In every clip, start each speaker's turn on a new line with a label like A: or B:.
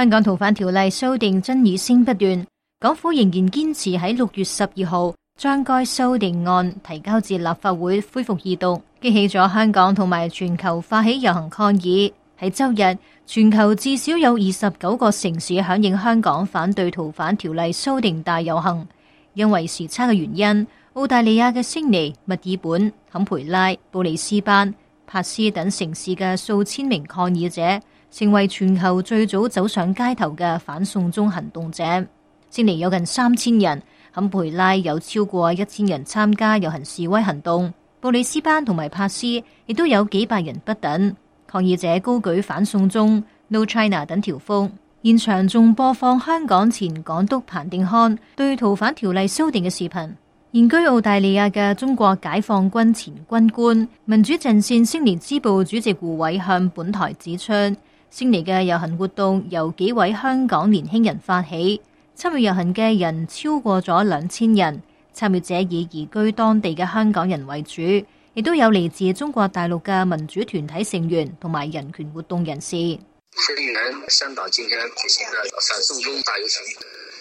A: 香港逃犯條例修訂爭議聲不斷，港府仍然堅持喺六月十二號將該修訂案提交至立法會恢復二讀，激起咗香港同埋全球發起遊行抗議。喺周日，全球至少有二十九個城市響應香港反對逃犯條例修訂大遊行，因為時差嘅原因，澳大利亞嘅悉尼、墨爾本、坎培拉、布里斯班、帕斯等城市嘅數千名抗議者。成為全球最早走上街頭嘅反送中行動者，悉尼有近三千人，坎培拉有超過一千人參加遊行示威行動，布里斯班同埋帕斯亦都有幾百人不等。抗議者高舉反送中、No China 等條幅，現場仲播放香港前港督彭定康對逃犯條例修訂嘅視頻。現居澳大利亞嘅中國解放軍前軍官、民主陣線悉尼支部主席胡偉向本台指出。悉尼嘅遊行活動由幾位香港年輕人發起，參與遊行嘅人超過咗兩千人。參與者以移居當地嘅香港人為主，亦都有嚟自中國大陸嘅民主團體成員同埋人權活動人士。
B: 雖然香港今天舉行的反送中大遊行，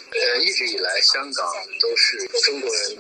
B: 呃，一直以來香港都是中國人。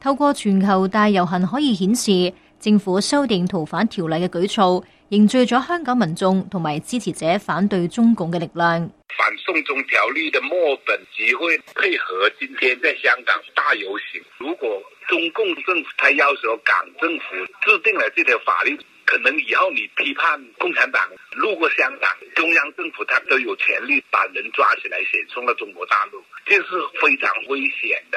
A: 透過全球大遊行可以顯示，政府修訂逃犯條例嘅舉措，凝聚咗香港民眾同埋支持者反對中共嘅力量。
B: 反送中條例嘅墨爾本集會配合今天在香港大遊行。如果中共政府他要求港政府制定了這條法律，可能以後你批判共產黨，路過香港，中央政府他都有權力把人抓起來遣送到中國大陸，這是非常危險的。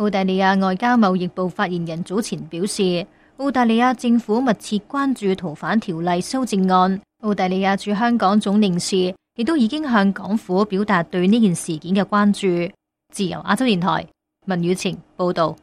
A: 澳大利亞外交貿易部發言人早前表示，澳大利亞政府密切關注逃犯條例修正案。澳大利亞駐香港總領事亦都已經向港府表達對呢件事件嘅關注。自由亞洲電台文宇晴報道。